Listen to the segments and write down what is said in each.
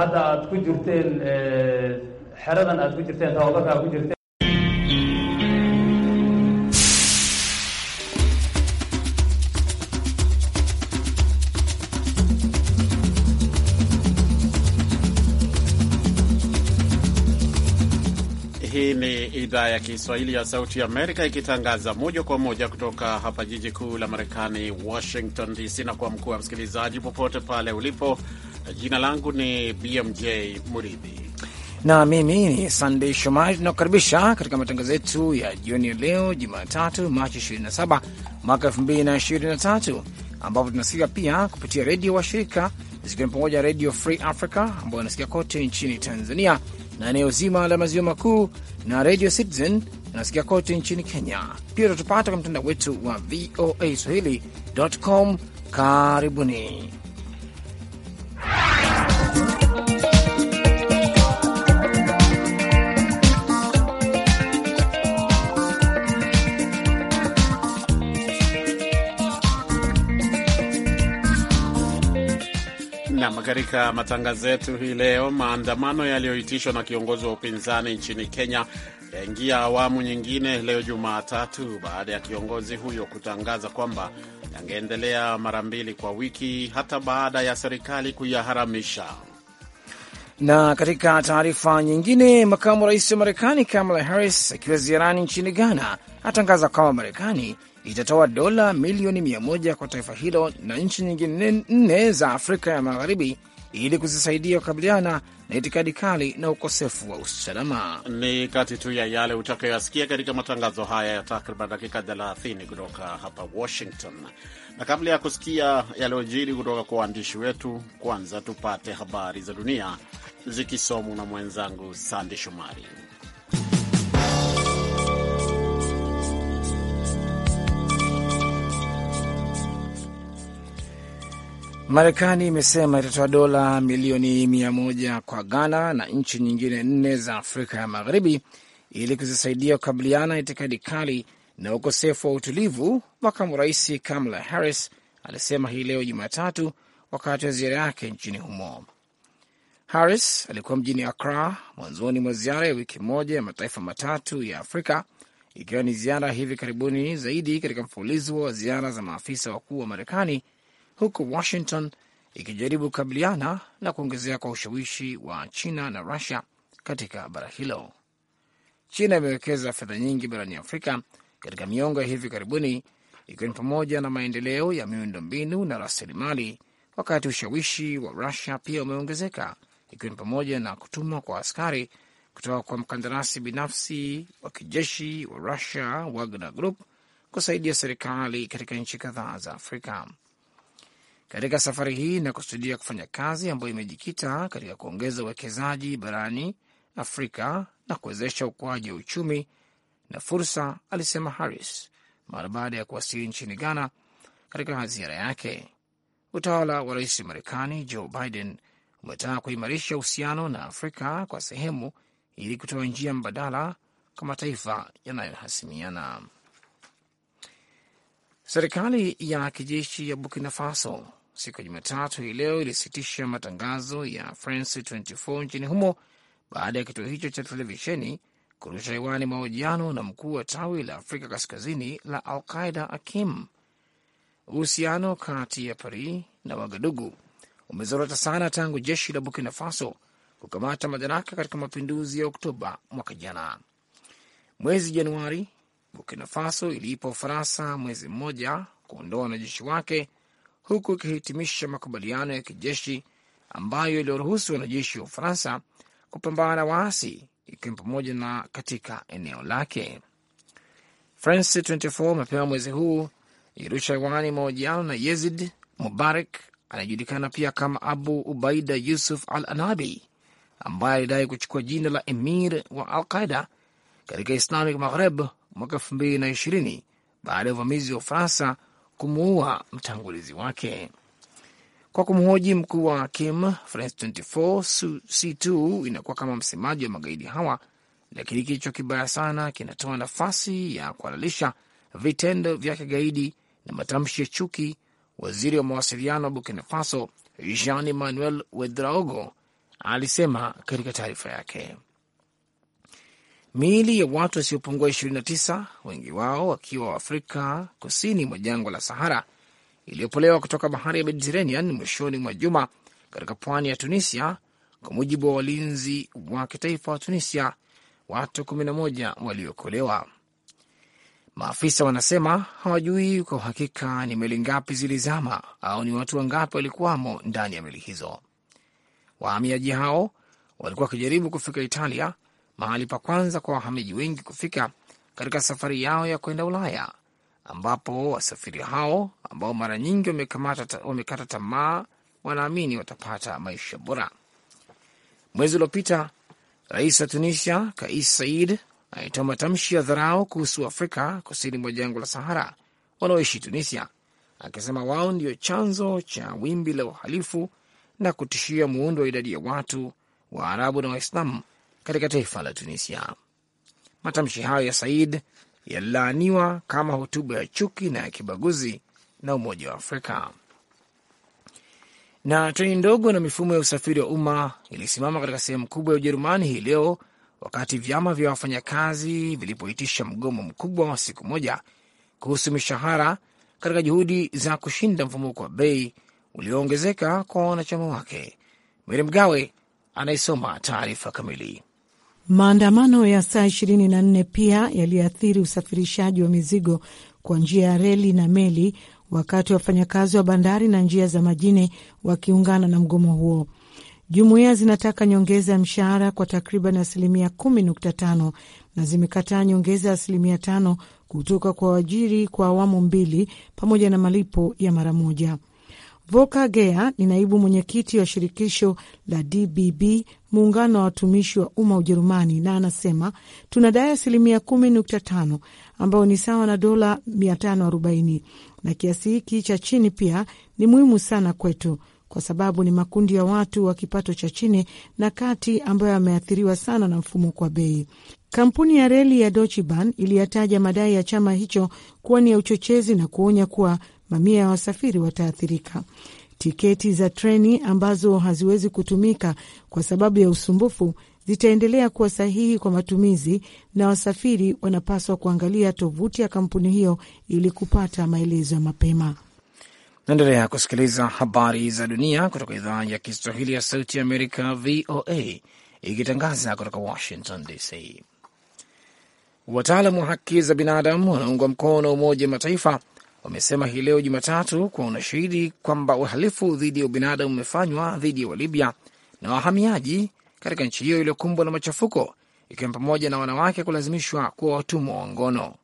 hadda aad ku jirteen eh, xeradan aad ku jirteen tababarka aad ku jirteen Hii ni idhaa ya Kiswahili ya Sauti ya Amerika ikitangaza moja kwa moja kutoka hapa jiji kuu la Marekani, Washington DC. Na kwa mkuu wa msikilizaji, popote pale ulipo Jina langu ni BMJ Muridhi na mimi ni Sandey Shomari. Tunakukaribisha katika matangazo yetu ya jioni ya leo Jumatatu, Machi 27 mwaka 2023, ambapo tunasikika pia kupitia redio wa shirika zikiwa ni pamoja Redio Free Africa ambayo inasikia kote nchini Tanzania na eneo zima la maziwa makuu na redio Citizen inasikia kote nchini Kenya. Pia tunatupata kwa mtandao wetu wa VOA Swahili.com. Karibuni. Nam, katika matangazo yetu hii leo, maandamano yaliyoitishwa na kiongozi wa upinzani nchini Kenya yaingia awamu nyingine leo Jumatatu, baada ya kiongozi huyo kutangaza kwamba yangeendelea mara mbili kwa wiki hata baada ya serikali kuyaharamisha. Na katika taarifa nyingine, makamu rais wa Marekani Kamala Harris akiwa ziarani nchini Ghana atangaza kwamba Marekani itatoa dola milioni mia moja kwa taifa hilo na nchi nyingine nne za Afrika ya Magharibi ili kuzisaidia kukabiliana na itikadi kali na ukosefu wa usalama. Ni kati tu ya yale utakayoyasikia katika matangazo haya ya takriban dakika 30 kutoka hapa Washington. Na kabla ya kusikia yaliyojiri kutoka kwa waandishi wetu, kwanza tupate habari za dunia zikisomwa na mwenzangu Sande Shomari. Marekani imesema itatoa dola milioni mia moja kwa Ghana na nchi nyingine nne za Afrika ya Magharibi ili kuzisaidia kukabiliana itikadi kali na ukosefu wa utulivu, makamu rais Kamala Harris alisema hii leo Jumatatu wakati wa ziara yake nchini humo. Harris alikuwa mjini Accra mwanzoni mwa ziara ya wiki moja ya mataifa matatu ya Afrika, ikiwa ni ziara hivi karibuni zaidi katika mfululizo wa ziara za maafisa wakuu wa Marekani huku Washington ikijaribu kukabiliana na kuongezea kwa ushawishi wa China na Rusia katika bara hilo. China imewekeza fedha nyingi barani Afrika katika miongo ya hivi karibuni, ikiwa ni pamoja na maendeleo ya miundo mbinu na rasilimali, wakati ushawishi wa Rusia pia umeongezeka, ikiwa ni pamoja na kutumwa kwa askari kutoka kwa mkandarasi binafsi wa kijeshi wa Rusia Wagner Group kusaidia serikali katika nchi kadhaa za Afrika katika safari hii na kusudia kufanya kazi ambayo imejikita katika kuongeza uwekezaji barani Afrika na kuwezesha ukuaji wa uchumi na fursa, alisema Harris mara baada ya kuwasili nchini Ghana katika ziara yake. Utawala wa rais wa Marekani Joe Biden umetaka kuimarisha uhusiano na Afrika kwa sehemu ili kutoa njia mbadala kwa mataifa yanayohasimiana. Serikali ya kijeshi ya Burkina Faso siku ya Jumatatu hii leo ilisitisha matangazo ya France 24 nchini humo baada ya kituo hicho cha televisheni kurusha hewani mahojiano na mkuu wa tawi la Afrika Kaskazini la Al Qaida Akim. Uhusiano kati ya Paris na Wagadugu umezorota sana tangu jeshi la Burkina Faso kukamata madaraka katika mapinduzi ya Oktoba mwaka jana. Mwezi Januari, Burkina Faso iliipa Ufaransa mwezi mmoja kuondoa wanajeshi wake huku ikihitimisha makubaliano ya kijeshi ambayo iliyoruhusu wanajeshi wa Ufaransa kupambana na waasi ikiwemo pamoja na katika eneo lake. France 24 mapema mwezi huu ilirusha hewani mahojiano na Yezid Mubarak anayejulikana pia kama Abu Ubaida Yusuf al Anabi, ambaye alidai kuchukua jina la emir wa Al Qaida katika Islamic Maghreb mwaka 2020 baada ya uvamizi wa Ufaransa kumuua mtangulizi wake. Kwa kumhoji mkuu wa Kim, France 24 C2 inakuwa kama msemaji wa magaidi hawa, lakini kichwa kibaya sana kinatoa nafasi ya kuhalalisha vitendo vya kigaidi na matamshi ya chuki. Waziri wa mawasiliano wa Burkina Faso Jean Emmanuel Wedraogo alisema katika taarifa yake miili ya watu wasiopungua 29 wengi wao wakiwa Afrika kusini mwa jangwa la Sahara iliyopolewa kutoka bahari ya Mediterranean mwishoni mwa juma katika pwani ya Tunisia, kwa mujibu wa walinzi wa kitaifa wa Tunisia. Watu 11 waliokolewa. Maafisa wanasema hawajui kwa uhakika ni meli ngapi zilizama au ni watu wangapi walikuwamo ndani ya meli hizo. Wahamiaji hao walikuwa wakijaribu kufika Italia mahali pa kwanza kwa wahamiaji wengi kufika katika safari yao ya kwenda Ulaya, ambapo wasafiri hao ambao mara nyingi wamekata tamaa wanaamini watapata maisha bora. Mwezi uliopita rais wa Tunisia Kais Said alitoa matamshi ya dharau kuhusu Afrika kusini mwa jangwa la Sahara wanaoishi Tunisia, akisema wao ndio chanzo cha wimbi la uhalifu na kutishia muundo wa idadi ya watu Waarabu na Waislamu katika taifa la Tunisia. Matamshi hayo ya Said yalilaaniwa kama hotuba ya chuki na ya kibaguzi na Umoja wa Afrika. Na treni ndogo na mifumo ya usafiri wa umma ilisimama katika sehemu kubwa ya Ujerumani hii leo wakati vyama vya wafanyakazi vilipoitisha mgomo mkubwa wa siku moja kuhusu mishahara katika juhudi za kushinda mfumuko wa bei ulioongezeka kwa wanachama wake. mary Mgawe anaisoma taarifa kamili. Maandamano ya saa ishirini na nne pia yaliathiri usafirishaji wa mizigo kwa njia ya reli na meli, wakati wafanyakazi wa bandari na njia za majini wakiungana na mgomo huo. Jumuiya zinataka nyongeza ya mshahara kwa takriban asilimia kumi tano na zimekataa nyongeza ya asilimia tano kutoka kwa waajiri kwa awamu mbili pamoja na malipo ya mara moja. Voka Gea ni naibu mwenyekiti wa shirikisho la DBB, muungano wa watumishi wa umma Ujerumani, na anasema tunadai asilimia kumi nukta tano ambayo ni sawa na dola 540 na kiasi hiki cha chini pia ni muhimu sana kwetu kwa sababu ni makundi ya watu wa kipato cha chini na kati ambayo yameathiriwa sana na mfumo kwa bei. Kampuni ya reli ya Deutsche Bahn iliyataja madai ya chama hicho kuwa ni ya uchochezi na kuonya kuwa mamia ya wasafiri wataathirika. Tiketi za treni ambazo haziwezi kutumika kwa sababu ya usumbufu zitaendelea kuwa sahihi kwa matumizi, na wasafiri wanapaswa kuangalia tovuti ya kampuni hiyo ili kupata maelezo ya mapema. Naendelea kusikiliza habari za dunia kutoka idhaa ya Kiswahili ya Sauti ya Amerika, VOA, ikitangaza kutoka Washington DC. Wataalam wa haki za binadamu wanaungwa mkono Umoja wa Mataifa wamesema hii leo Jumatatu kuwa unashahidi kwamba uhalifu dhidi ya ubinadamu umefanywa dhidi ya Walibya na wahamiaji katika nchi hiyo iliyokumbwa na machafuko, ikiwa ni pamoja na wanawake kulazimishwa kuwa watumwa wa ngono.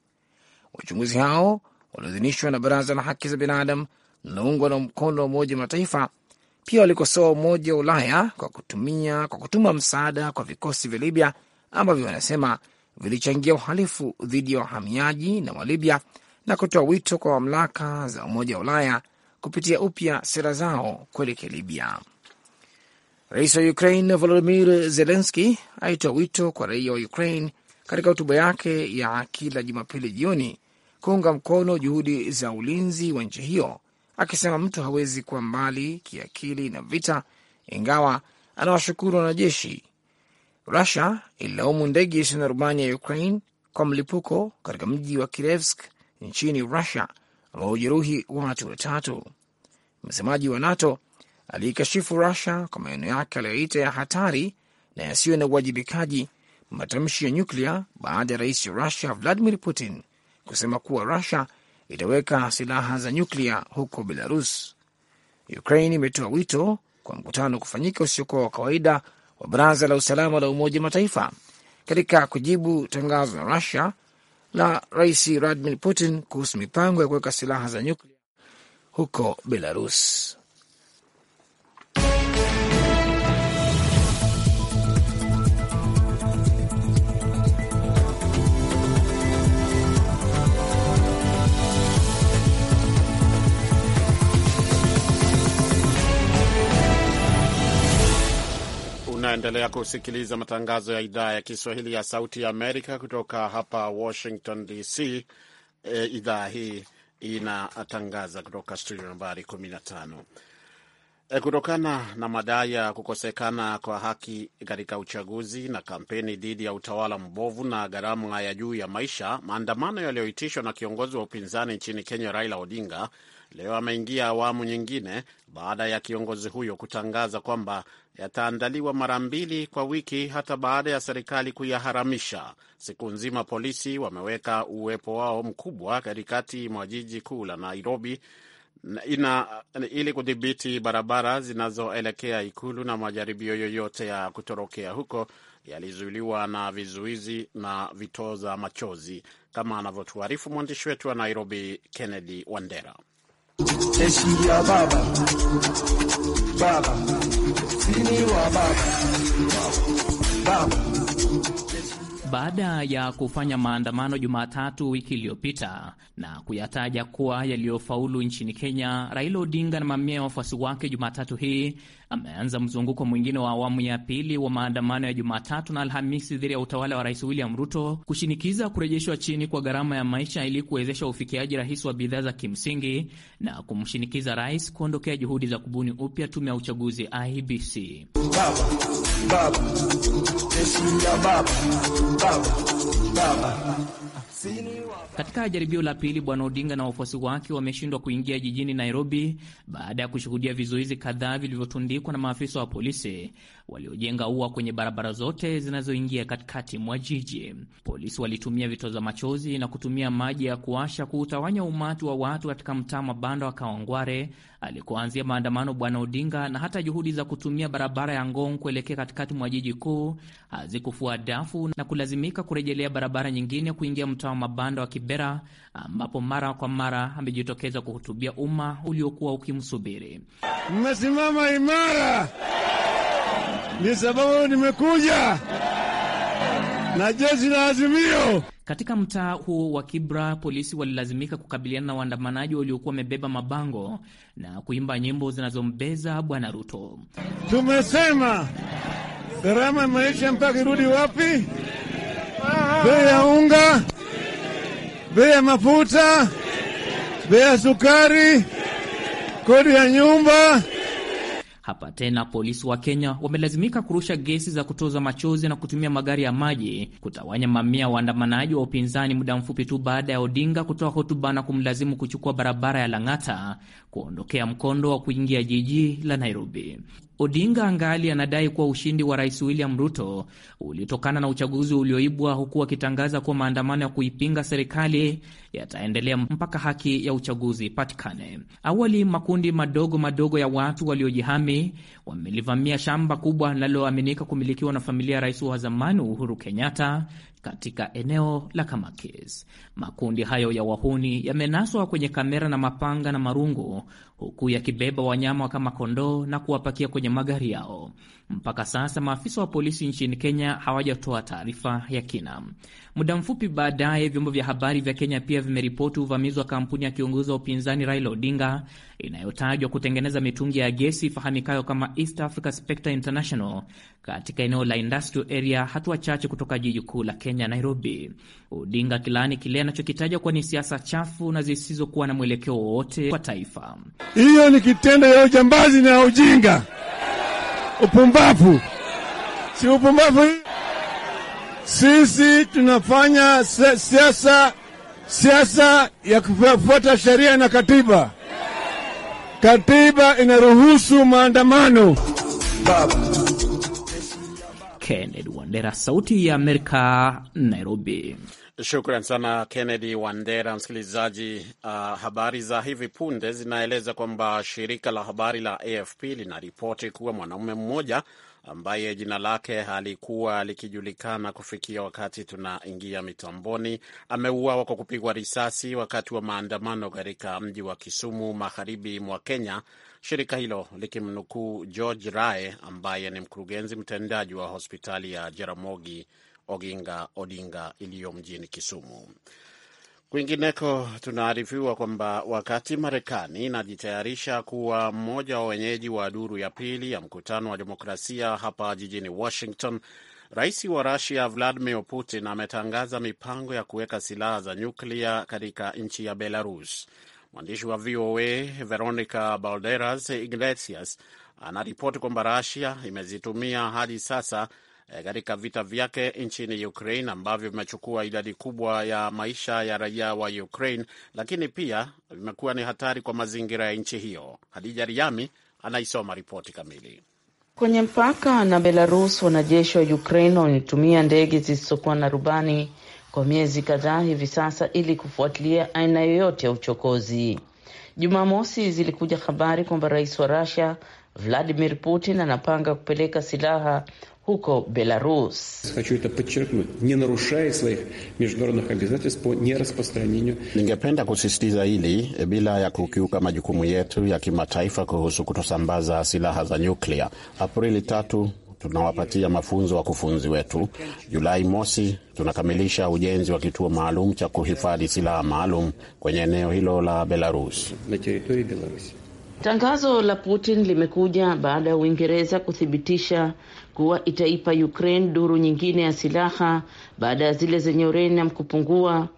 Wachunguzi hao walioidhinishwa na Baraza la Haki za Binadamu linaloungwa na mkono wa Umoja wa Mataifa pia walikosoa Umoja wa Ulaya kwa kutumia kwa kutuma msaada kwa vikosi vya Libya ambavyo wanasema vilichangia uhalifu dhidi ya wahamiaji na Walibya na kutoa wito kwa mamlaka za Umoja wa Ulaya kupitia upya sera zao kuelekea Libya. Rais wa Ukraine Volodimir Zelenski alitoa wito kwa raia wa Ukraine katika hotuba yake ya kila Jumapili jioni kuunga mkono juhudi za ulinzi wa nchi hiyo, akisema mtu hawezi kuwa mbali kiakili na vita, ingawa anawashukuru wanajeshi. Rusia ililaumu ndege isiyo na rubani ya Ukraine kwa mlipuko katika mji wa Kirevsk nchini Rusia aliwajeruhi watu watatu. Msemaji wa NATO aliikashifu Rusia kwa maneno yake aliyoita ya hatari na yasiyo na uwajibikaji, matamshi ya nyuklia baada ya rais wa Rusia Vladimir Putin kusema kuwa Rusia itaweka silaha za nyuklia huko Belarus. Ukraine imetoa wito kwa mkutano kufanyika usiokuwa wa kawaida wa Baraza la Usalama la Umoja Mataifa katika kujibu tangazo la Rusia la Rais Vladimir Putin kuhusu mipango ya kuweka silaha za nyuklia huko Belarus. Unaendelea kusikiliza matangazo ya idhaa ya Kiswahili ya Sauti ya Amerika kutoka hapa Washington DC. E, idhaa hii inatangaza kutoka studio nambari 15. E, kutokana na madai ya kukosekana kwa haki katika uchaguzi na kampeni dhidi ya utawala mbovu na gharama ya juu ya maisha, maandamano yaliyoitishwa na kiongozi wa upinzani nchini Kenya Raila Odinga Leo ameingia awamu nyingine baada ya kiongozi huyo kutangaza kwamba yataandaliwa mara mbili kwa wiki hata baada ya serikali kuyaharamisha. Siku nzima polisi wameweka uwepo wao mkubwa katikati mwa jiji kuu la Nairobi ina, ili kudhibiti barabara zinazoelekea ikulu na majaribio yoyote ya kutorokea huko yalizuiliwa na vizuizi na vitoza machozi, kama anavyotuarifu mwandishi wetu wa Nairobi, Kennedy Wandera. Heshima baba baba, sini wa baba baba baada ya kufanya maandamano Jumatatu wiki iliyopita na kuyataja kuwa yaliyofaulu nchini Kenya, Raila Odinga na mamia ya wafuasi wake Jumatatu hii ameanza mzunguko mwingine wa awamu ya pili wa maandamano ya Jumatatu na Alhamisi dhidi ya utawala wa Rais William Ruto kushinikiza kurejeshwa chini kwa gharama ya maisha ili kuwezesha ufikiaji rahisi wa bidhaa za kimsingi na kumshinikiza rais kuondokea juhudi za kubuni upya tume ya uchaguzi ibc Baba, baba. Katika jaribio la pili, Bwana Odinga na wafuasi wake wameshindwa kuingia jijini Nairobi baada ya kushuhudia vizuizi kadhaa vilivyotundikwa na maafisa wa polisi waliojenga ua kwenye barabara zote zinazoingia katikati mwa jiji. Polisi walitumia vitoza machozi na kutumia maji ya kuasha kuutawanya umati wa watu katika mtaa mabanda wa Kawangware alikuanzia maandamano Bwana Odinga, na hata juhudi za kutumia barabara ya Ngong kuelekea katikati mwa jiji kuu hazikufua dafu na kulazimika kurejelea barabara nyingine kuingia mtaa wa mabanda wa Kibera, ambapo mara kwa mara amejitokeza kuhutubia umma uliokuwa ukimsubiri. Mmesimama imara ni sababu nimekuja na jeshi la Azimio. Katika mtaa huo wa Kibra, polisi walilazimika kukabiliana na waandamanaji waliokuwa wamebeba mabango na kuimba nyimbo zinazombeza Bwana Ruto. Tumesema gharama ya maisha mpaka irudi wapi? Bei ya unga, bei ya mafuta, bei ya sukari, kodi ya nyumba hapa tena polisi wa Kenya wamelazimika kurusha gesi za kutoza machozi na kutumia magari ya maji kutawanya mamia waandamanaji wa upinzani, muda mfupi tu baada ya Odinga kutoa hotuba na kumlazimu kuchukua barabara ya Lang'ata kuondokea mkondo wa kuingia jiji la Nairobi. Odinga angali anadai kuwa ushindi wa Rais William Ruto ulitokana na uchaguzi ulioibwa, huku akitangaza kuwa maandamano ya kuipinga serikali yataendelea mpaka haki ya uchaguzi ipatikane. Awali makundi madogo madogo ya watu waliojihami wamelivamia shamba kubwa linaloaminika kumilikiwa na familia ya rais wa zamani Uhuru Kenyatta katika eneo la Kamakes. Makundi hayo ya wahuni yamenaswa kwenye kamera na mapanga na marungu, huku yakibeba wanyama kama kondoo na kuwapakia kwenye magari yao. Mpaka sasa maafisa wa polisi nchini Kenya hawajatoa taarifa ya kina. Muda mfupi baadaye, vyombo vya habari vya Kenya pia vimeripoti uvamizi wa kampuni ya kiongozi wa upinzani Raila Odinga inayotajwa kutengeneza mitungi ya gesi ifahamikayo kama East Africa Spectre International katika eneo la Industrial Area, hatua chache kutoka jiji kuu la Kenya, Nairobi. Odinga kilani kile anachokitaja kuwa ni siasa chafu na zisizokuwa na mwelekeo wowote kwa taifa. Hiyo ni kitendo ya ujambazi na ujinga, upumbavu. Si upumbavu, sisi tunafanya siasa, siasa ya kufuata sheria na katiba. Katiba inaruhusu maandamano. Kennedy Wandera, Sauti ya Amerika, Nairobi. Shukran sana Kennedy Wandera. Msikilizaji, uh, habari za hivi punde zinaeleza kwamba shirika la habari la AFP linaripoti kuwa mwanaume mmoja ambaye jina lake halikuwa likijulikana kufikia wakati tunaingia mitamboni, ameuawa kwa kupigwa risasi wakati wa maandamano katika mji wa Kisumu, magharibi mwa Kenya, shirika hilo likimnukuu George Rae ambaye ni mkurugenzi mtendaji wa hospitali ya Jaramogi Oginga Odinga iliyo mjini Kisumu. Kwingineko, tunaarifiwa kwamba wakati Marekani inajitayarisha kuwa mmoja wa wenyeji wa duru ya pili ya mkutano wa demokrasia hapa jijini Washington, rais wa Rusia Vladimir Putin ametangaza mipango ya kuweka silaha za nyuklia katika nchi ya Belarus. Mwandishi wa VOA Veronica Balderas Iglesias anaripoti kwamba Rasia imezitumia hadi sasa eh, katika vita vyake nchini Ukraine ambavyo vimechukua idadi kubwa ya maisha ya raia wa Ukraine, lakini pia vimekuwa ni hatari kwa mazingira ya nchi hiyo. Hadija Riami anaisoma ripoti kamili. Kwenye mpaka na Belarus, wanajeshi wa Ukraine wametumia ndege zisizokuwa na rubani kwa miezi kadhaa hivi sasa ili kufuatilia aina yoyote ya uchokozi. Jumamosi zilikuja habari kwamba rais wa Russia Vladimir Putin anapanga kupeleka silaha huko Belarus. Ningependa kusisitiza hili e, bila ya kukiuka majukumu yetu ya kimataifa kuhusu kutosambaza silaha za nyuklia. Aprili tatu tunawapatia mafunzo wakufunzi wetu. Julai mosi tunakamilisha ujenzi wa kituo maalum cha kuhifadhi silaha maalum kwenye eneo hilo la Belarus. Tangazo la Putin limekuja baada ya Uingereza kuthibitisha kuwa itaipa Ukraine duru nyingine ya silaha baada ya zile zenye uranium kupungua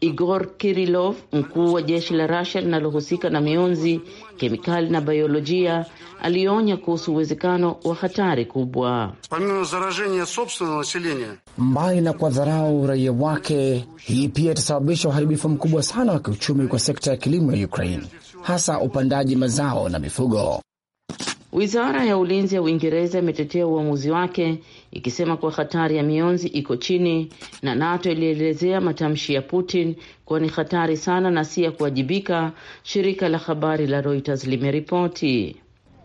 Igor Kirilov, mkuu wa jeshi la Russia linalohusika na mionzi, kemikali na biolojia, alionya kuhusu uwezekano wa hatari kubwa. Mbali na kwa dharau raia wake, hii pia itasababisha uharibifu mkubwa sana wa kiuchumi kwa sekta ya kilimo ya Ukraine, hasa upandaji mazao na mifugo. Wizara ya ulinzi ya Uingereza imetetea uamuzi wake ikisema kuwa hatari ya mionzi iko chini, na NATO ilielezea matamshi ya Putin kuwa ni hatari sana na si ya kuwajibika, shirika la habari la Reuters limeripoti.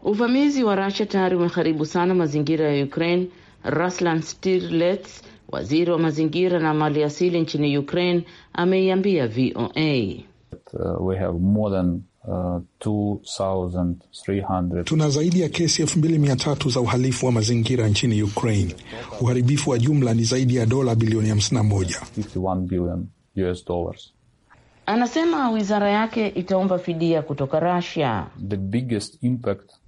Uvamizi wa Russia tayari umeharibu sana mazingira ya Ukraine. Ruslan Stirlets, waziri wa mazingira na mali asili nchini Ukraine, ameiambia VOA. Uh, we have more than Uh, tuna zaidi ya kesi elfu mbili mia tatu za uhalifu wa mazingira nchini Ukraine. Uharibifu wa jumla ni zaidi ya dola bilioni 51. Anasema wizara yake itaomba fidia kutoka Rasia.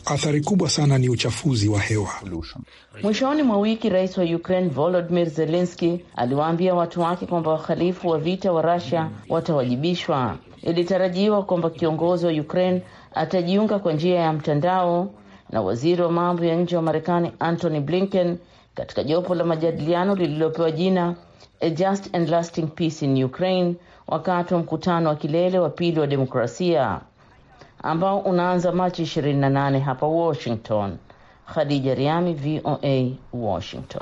Athari kubwa sana ni uchafuzi wa hewa. Mwishoni mwa wiki, rais wa Ukraine Volodimir Zelenski aliwaambia watu wake kwamba wahalifu wa vita wa Rasia watawajibishwa. Ilitarajiwa kwamba kiongozi wa Ukraine atajiunga kwa njia ya mtandao na waziri wa mambo ya nje wa Marekani Antony Blinken katika jopo la majadiliano lililopewa jina A Just and Lasting Peace in Ukraine wakati wa mkutano wa kilele wa pili wa demokrasia ambao unaanza Machi 28 hapa Washington. Khadija Riami, VOA, Washington.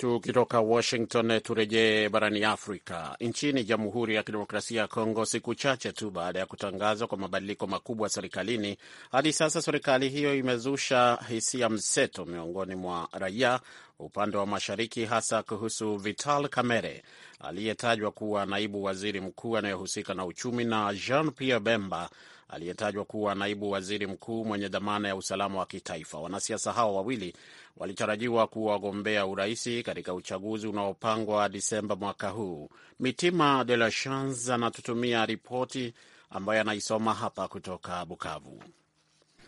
Tukitoka Washington turejee barani Afrika. Nchini Jamhuri ya Kidemokrasia ya Kongo, siku chache tu baada ya kutangazwa kwa mabadiliko makubwa serikalini, hadi sasa serikali hiyo imezusha hisia mseto miongoni mwa raia upande wa mashariki, hasa kuhusu Vital Kamerhe aliyetajwa kuwa naibu waziri mkuu anayehusika na uchumi na Jean Pierre Bemba aliyetajwa kuwa naibu waziri mkuu mwenye dhamana ya usalama wa kitaifa. Wanasiasa hao wawili walitarajiwa kuwagombea uraisi katika uchaguzi unaopangwa Disemba mwaka huu. Mitima De La Chance anatutumia ripoti ambayo anaisoma hapa kutoka Bukavu.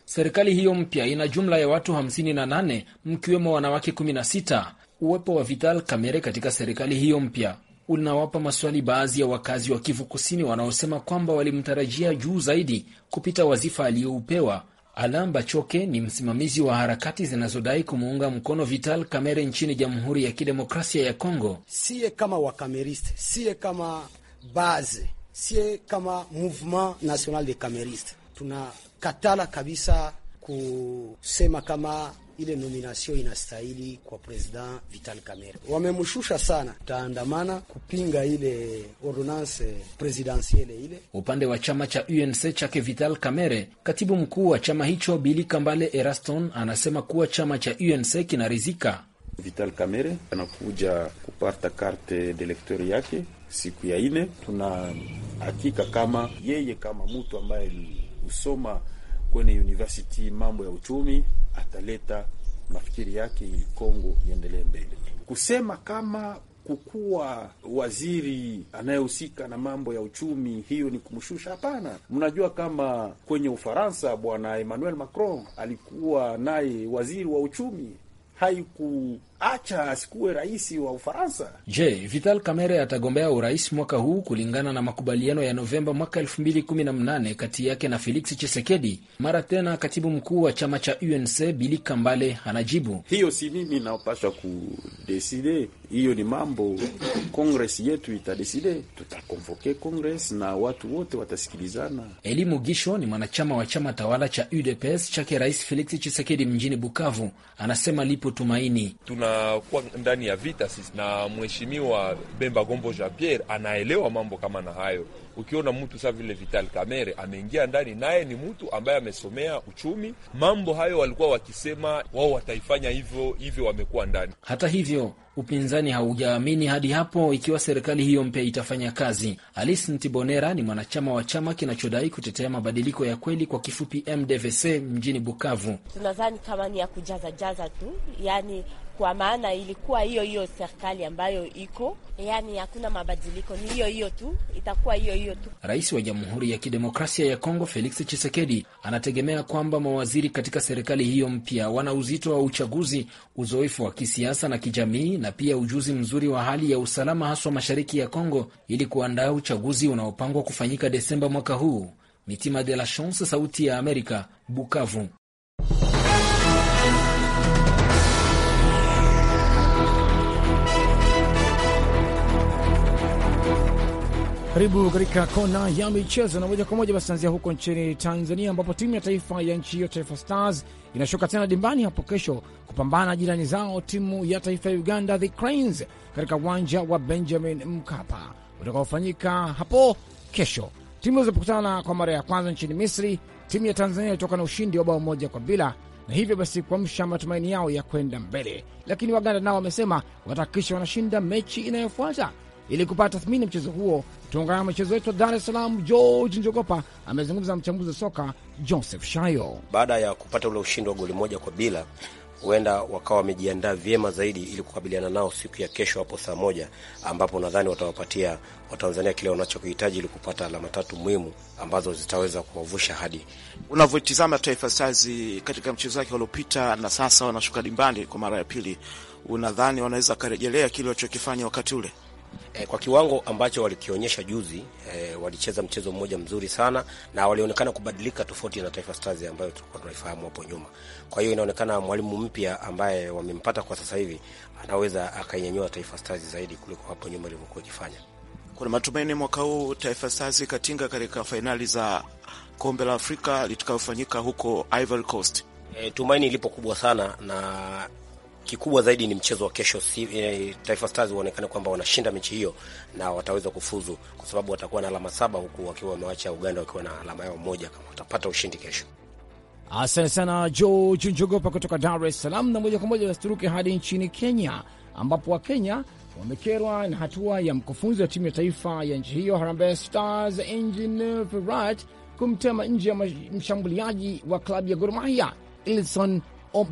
Serikali hiyo mpya ina jumla ya watu 58 mkiwemo wanawake 16. Uwepo wa Vital Kamerhe katika serikali hiyo mpya unawapa maswali baadhi ya wakazi wa Kivu Kusini wanaosema kwamba walimtarajia juu zaidi kupita wazifa aliyoupewa. Alain Bachoke ni msimamizi wa harakati zinazodai kumuunga mkono Vital Kamerhe nchini Jamhuri ya Kidemokrasia ya Kongo. Siye kama wakameriste, siye kama baze, siye kama Mouvement National de Kameriste, tunakatala kabisa kusema kama ile nominasio inastahili kwa president Vital Kamerhe. Wamemshusha sana, taandamana kupinga ile ordonance presidentielle ile. Upande wa chama cha UNC chake Vital Kamerhe, katibu mkuu wa chama hicho Bili Kambale Eraston anasema kuwa chama cha UNC kinaridhika. Vital Kamerhe anakuja kuparta karte delektori yake siku ya ine. Tuna hakika kama yeye kama mtu ambaye usoma kwenye university, mambo ya uchumi, ataleta mafikiri yake ili Kongo iendelee mbele. Kusema kama kukuwa waziri anayehusika na mambo ya uchumi, hiyo ni kumshusha? Hapana. Mnajua kama kwenye Ufaransa bwana Emmanuel Macron alikuwa naye waziri wa uchumi, haiku acha asikuwe rais wa Ufaransa. Je, Vital Kamerhe atagombea urais mwaka huu kulingana na makubaliano ya Novemba mwaka elfu kati yake na Felix Chisekedi? Mara tena katibu mkuu wa chama cha UNC Bili Kambale anajibu, hiyo si mimi naopasha kudeside hiyo ni mambo Kongres yetu itadeside. Tutakonvoke Kongres na watu wote watasikilizana. elimu gisho ni mwanachama wa chama tawala cha UDPS chake Rais Felix Chisekedi mjini Bukavu, anasema lipo tumaini Tuna tunakuwa ndani ya vita sisi, na mheshimiwa Bemba Gombo Jean Pierre anaelewa mambo kama na hayo. Ukiona mtu sa vile Vital Kamerhe ameingia ndani, naye ni mtu ambaye amesomea uchumi. Mambo hayo walikuwa wakisema wao wataifanya hivyo hivyo, wamekuwa ndani. Hata hivyo upinzani haujaamini hadi hapo ikiwa serikali hiyo mpya itafanya kazi. Alice Ntibonera ni mwanachama wa chama kinachodai kutetea mabadiliko ya kweli, kwa kifupi MDVC, mjini Bukavu. Tunadhani kama ni ya kujazajaza tu, yani kwa maana ilikuwa hiyo hiyo serikali ambayo iko, yaani hakuna mabadiliko, ni hiyo hiyo tu, itakuwa hiyo hiyo tu. Rais wa Jamhuri ya Kidemokrasia ya Kongo Felix Tshisekedi anategemea kwamba mawaziri katika serikali hiyo mpya wana uzito wa uchaguzi, uzoefu wa kisiasa na kijamii, na pia ujuzi mzuri wa hali ya usalama, haswa mashariki ya Kongo, ili kuandaa uchaguzi unaopangwa kufanyika Desemba mwaka huu. Mitima de la Chance, Sauti ya Amerika, Bukavu. Karibu katika kona ya michezo na moja kwa moja basi, anzia huko nchini Tanzania ambapo timu ya taifa ya nchi hiyo Taifa Stars inashuka tena dimbani hapo kesho kupambana jirani zao timu ya taifa ya Uganda, the Cranes, katika uwanja wa Benjamin Mkapa utakaofanyika hapo kesho. Timu zilipokutana kwa mara ya kwanza nchini Misri, timu ya Tanzania ilitoka na ushindi wa bao moja kwa bila na hivyo basi kuamsha matumaini yao ya kwenda mbele, lakini Waganda nao wamesema watahakikisha wanashinda mechi inayofuata ili kupata tathmini mchezo huo, tuungana na mchezo wetu wa Dar es Salaam, George Njogopa amezungumza mchambuzi wa soka Joseph Shayo. Baada ya kupata ule ushindi wa goli moja kwa bila, huenda wakawa wamejiandaa vyema zaidi ili kukabiliana nao siku ya kesho hapo saa moja, ambapo nadhani watawapatia Watanzania kile wanachokihitaji ili kupata alama tatu muhimu ambazo zitaweza kuwavusha hadi. Unavyotizama Taifa Stars katika mchezo wake waliopita na sasa wanashuka dimbani kwa mara ya pili, unadhani wanaweza wakarejelea kile walichokifanya wakati ule? E, kwa kiwango ambacho walikionyesha juzi e, walicheza mchezo mmoja mzuri sana na walionekana kubadilika tofauti na Taifa Stars ambayo tulikuwa tunaifahamu hapo nyuma. Kwa hiyo inaonekana mwalimu mpya ambaye wamempata kwa sasa hivi anaweza akainyanyua Taifa Stars zaidi kuliko hapo nyuma ilivyokuwa ikifanya. Kuna matumaini mwaka huu Taifa Stars ikatinga katika fainali za kombe la Afrika litakayofanyika huko Ivory Coast. E, tumaini ilipo kubwa sana na kikubwa zaidi ni mchezo wa kesho si, e, Taifa Stars waonekane kwamba wanashinda mechi hiyo na wataweza kufuzu, kwa sababu watakuwa na alama saba huku wakiwa wamewacha Uganda wakiwa na alama yao moja, kama watapata ushindi kesho. Asante sana George Njogopa kutoka Dar es Salaam. Na moja kwa moja wasituruke hadi nchini Kenya, ambapo Wakenya wamekerwa na hatua ya mkufunzi wa timu ya taifa ya nchi hiyo Harambee Stars Engin Firat kumtema nje ya mshambuliaji wa klabu ya Gor Mahia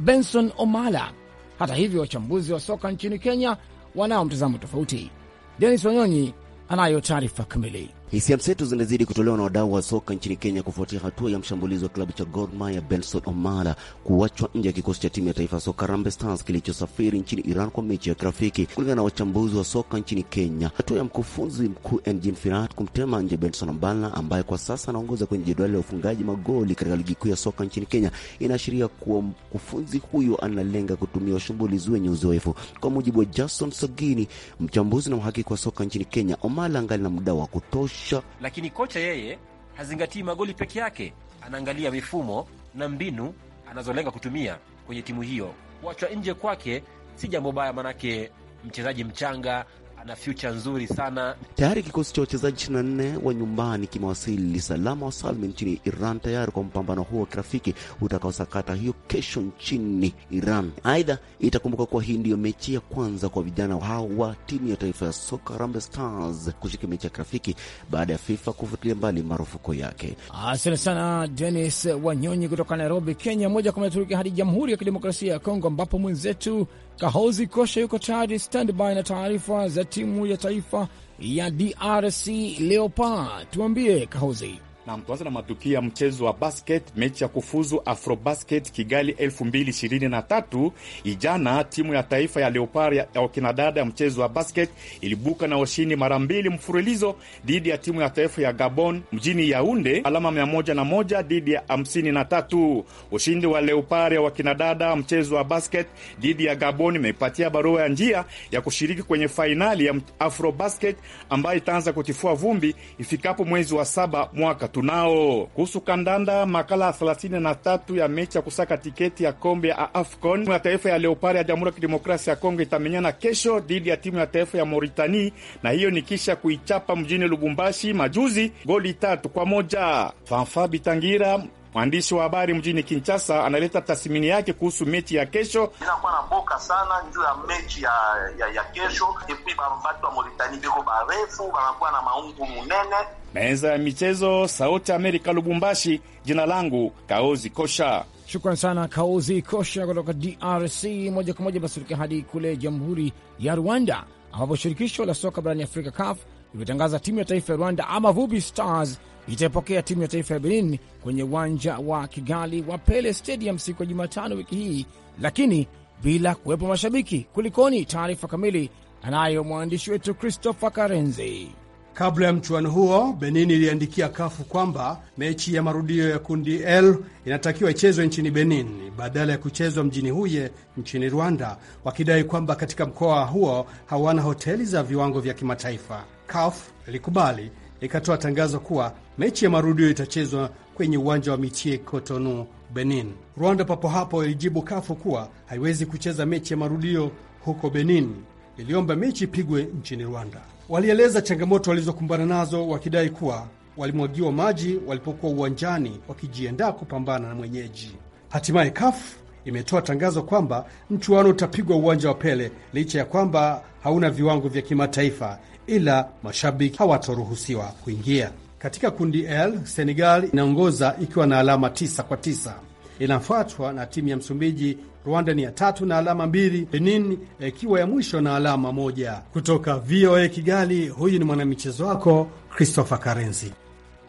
Benson Omala hata hivyo, wachambuzi wa soka nchini Kenya wanao mtazamo tofauti. Denis Wanyonyi anayo taarifa kamili. Hisia mseto zinazidi kutolewa na wadau wa soka nchini Kenya kufuatia hatua ya mshambulizi wa klabu cha Gor Mahia Benson Omala kuachwa nje ya kikosi cha timu ya taifa soka Harambee Stars kilichosafiri nchini Iran kwa mechi ya kirafiki. Kulingana na wachambuzi wa soka nchini Kenya, hatua ya mkufunzi mkuu Engin Firat kumtema nje Benson Omala ambaye kwa sasa anaongoza kwenye jedwali la ufungaji magoli katika ligi kuu ya soka nchini Kenya inaashiria kuwa mkufunzi huyo analenga kutumia washambulizi wenye uzoefu. Kwa mujibu wa Jason Sogini, mchambuzi na mhakiki wa soka nchini Kenya, Omala angali na muda wa kutosha sure. Lakini kocha yeye hazingatii magoli peke yake, anaangalia mifumo na mbinu anazolenga kutumia kwenye timu hiyo. Kuachwa nje kwake si jambo baya, manake mchezaji mchanga ana future nzuri sana. Tayari kikosi cha wachezaji 24 wa nyumbani kimewasili salama wa nchini Iran tayari kwa mpambano huo wa kirafiki utakaosakata hiyo kesho nchini Iran. Aidha, itakumbuka kuwa hii ndiyo mechi ya kwanza kwa vijana hao wa timu ya taifa ya soka Harambee Stars kushiriki mechi ya kirafiki baada ya FIFA kufutilia mbali marufuku yake. Asante sana Denis Wanyonyi kutoka Nairobi, Kenya. Moja kwa moja turuki hadi Jamhuri ya Kidemokrasia ya Kongo ambapo mwenzetu Kahozi Kosha yuko tayari standby na taarifa za timu ya taifa ya DRC Leopard. Tuambie Kahozi na mtuanza na matukio ya mchezo wa basket. Mechi ya kufuzu Afrobasket Kigali 2023 ijana, timu ya taifa ya Leopard ya wakinadada ya mchezo wa basket ilibuka na washindi mara mbili mfululizo dhidi ya timu ya taifa ya Gabon mjini Yaunde, alama 101 dhidi ya 53. Ushindi wa Leopard ya wakinadada mchezo wa basket dhidi ya Gabon imeipatia barua ya njia ya kushiriki kwenye fainali ya Afrobasket ambayo itaanza kutifua vumbi ifikapo mwezi wa saba mwaka tu tunao kuhusu kandanda makala ya 33 ya mechi ya kusaka tiketi ya kombe ya AFCON. Timu ya taifa ya Leopard ya Jamhuri ya Kidemokrasia ya Kongo itamenyana kesho dhidi ya timu ya taifa ya Mauritani, na hiyo ni kisha kuichapa mjini Lubumbashi majuzi goli tatu kwa moja. Fanfa Bitangira mwandishi wa habari mjini Kinshasa analeta tathmini yake kuhusu mechi ya kesho. Inakuwa na boka sana juu ya mechi ya, ya, ya kesho epi bavatu wa Moritani biko barefu wanakuwa na maungu munene Meza ya michezo, Sauti Amerika, Lubumbashi. Jina langu Kaozi Kosha. Shukran sana Kaozi Kosha kutoka DRC. Moja kwa moja basi hadi kule Jamhuri ya Rwanda, ambapo shirikisho la soka barani Afrika CAF limetangaza timu ya taifa ya Rwanda ama Vubi Stars itaipokea timu ya taifa ya Benin kwenye uwanja wa Kigali wa Pele Stadium siku ya Jumatano wiki hii, lakini bila kuwepo mashabiki. Kulikoni? Taarifa kamili anayo mwandishi wetu Christopher Karenzi. Kabla ya mchuano huo, Benin iliandikia kafu kwamba mechi ya marudio ya kundi L inatakiwa ichezwe nchini Benin badala ya kuchezwa mjini Huye nchini Rwanda, wakidai kwamba katika mkoa huo hawana hoteli za viwango vya kimataifa. CAF ilikubali, ikatoa tangazo kuwa mechi ya marudio itachezwa kwenye uwanja wa Mitie Cotonou, Benin. Rwanda papo hapo ilijibu kafu kuwa haiwezi kucheza mechi ya marudio huko Benin, iliomba mechi ipigwe nchini Rwanda. Walieleza changamoto walizokumbana nazo wakidai kuwa walimwagiwa maji walipokuwa uwanjani wakijiandaa kupambana na mwenyeji. Hatimaye kafu imetoa tangazo kwamba mchuano utapigwa uwanja wa Pele licha ya kwamba hauna viwango vya kimataifa, ila mashabiki hawataruhusiwa kuingia. Katika kundi L, Senegal inaongoza ikiwa na alama 9 kwa tisa inafuatwa na timu ya Msumbiji. Rwanda ni ya tatu na alama mbili, Benin eh, ikiwa ya mwisho na alama moja. Kutoka VOA Kigali, huyu ni mwanamichezo wako Christopher Karenzi.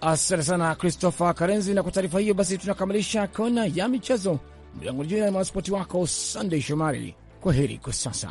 Asante sana Christopher Karenzi, na kwa taarifa hiyo basi tunakamilisha kona ya michezo. Mlango jina na mwanaspoti wako Sandey Shomari, kwa heri kwa sasa.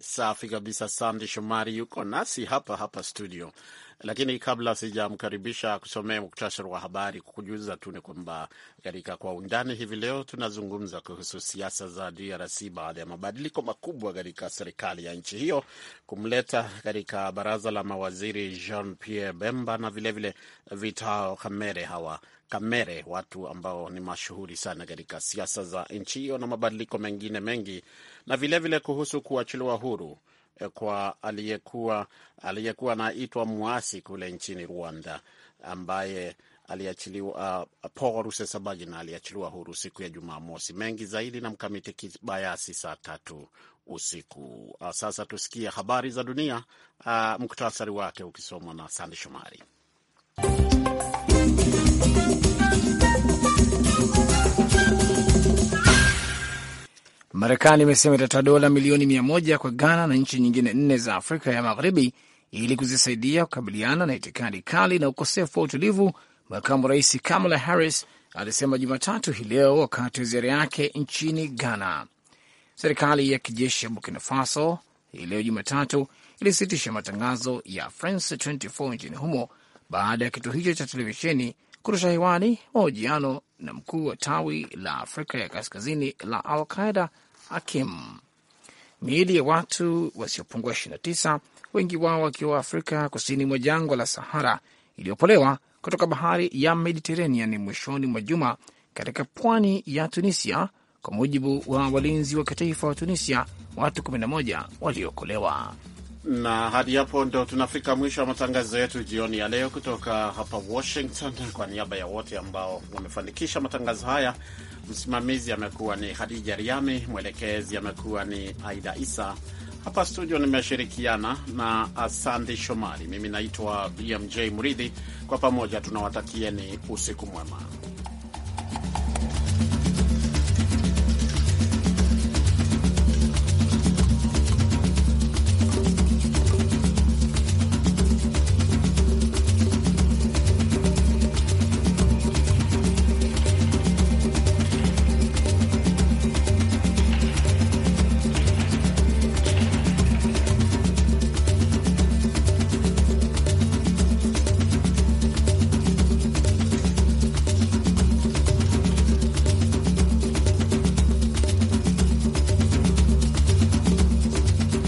Safi kabisa, Sandey Shomari yuko nasi hapa hapa studio. Lakini kabla sijamkaribisha kusomea muktasari wa habari, kukujuza tu ni kwamba katika kwa undani hivi leo tunazungumza kuhusu siasa za DRC baada ya mabadiliko makubwa katika serikali ya nchi hiyo kumleta katika baraza la mawaziri Jean Pierre Bemba na vilevile Vital Kamerhe hawa Kamere, watu ambao ni mashuhuri sana katika siasa za nchi hiyo na mabadiliko mengine mengi, na vilevile vile kuhusu kuachiliwa huru Eh, kwa aliyekuwa aliyekuwa anaitwa muasi kule nchini Rwanda ambaye aliachiliwa uh, Paul Rusesabagina aliachiliwa huru siku ya Jumamosi. Mengi zaidi na mkamiti kibayasi saa tatu usiku. Uh, sasa tusikie habari za dunia, uh, muktasari wake ukisomwa na Sande Shomari. Marekani imesema itatoa dola milioni mia moja kwa Ghana na nchi nyingine nne za Afrika ya Magharibi ili kuzisaidia kukabiliana na itikadi kali na ukosefu wa utulivu. Makamu Rais Kamala Harris alisema Jumatatu hii leo wakati wa ziara yake nchini Ghana. Serikali ya kijeshi ya Burkina Faso hii leo Jumatatu ilisitisha matangazo ya France 24 nchini humo baada ya kituo hicho cha televisheni kurusha hewani mahojiano na mkuu wa tawi la Afrika ya kaskazini la Al Qaida hakim Miili ya watu wasiopungua 29 wengi wao wakiwa Afrika kusini mwa jangwa la Sahara iliyopolewa kutoka bahari ya Mediterranean mwishoni mwa juma katika pwani ya Tunisia, kwa mujibu wa walinzi wa kitaifa wa Tunisia. Watu 11 waliokolewa na hadi hapo ndo tunafika mwisho wa matangazo yetu jioni ya leo kutoka hapa Washington. Kwa niaba ya wote ambao wamefanikisha matangazo haya, msimamizi amekuwa ni Hadija Riami, mwelekezi amekuwa ni Aida Isa. Hapa studio nimeshirikiana na Asandi Shomari. Mimi naitwa BMJ Muridhi. Kwa pamoja tunawatakieni usiku mwema.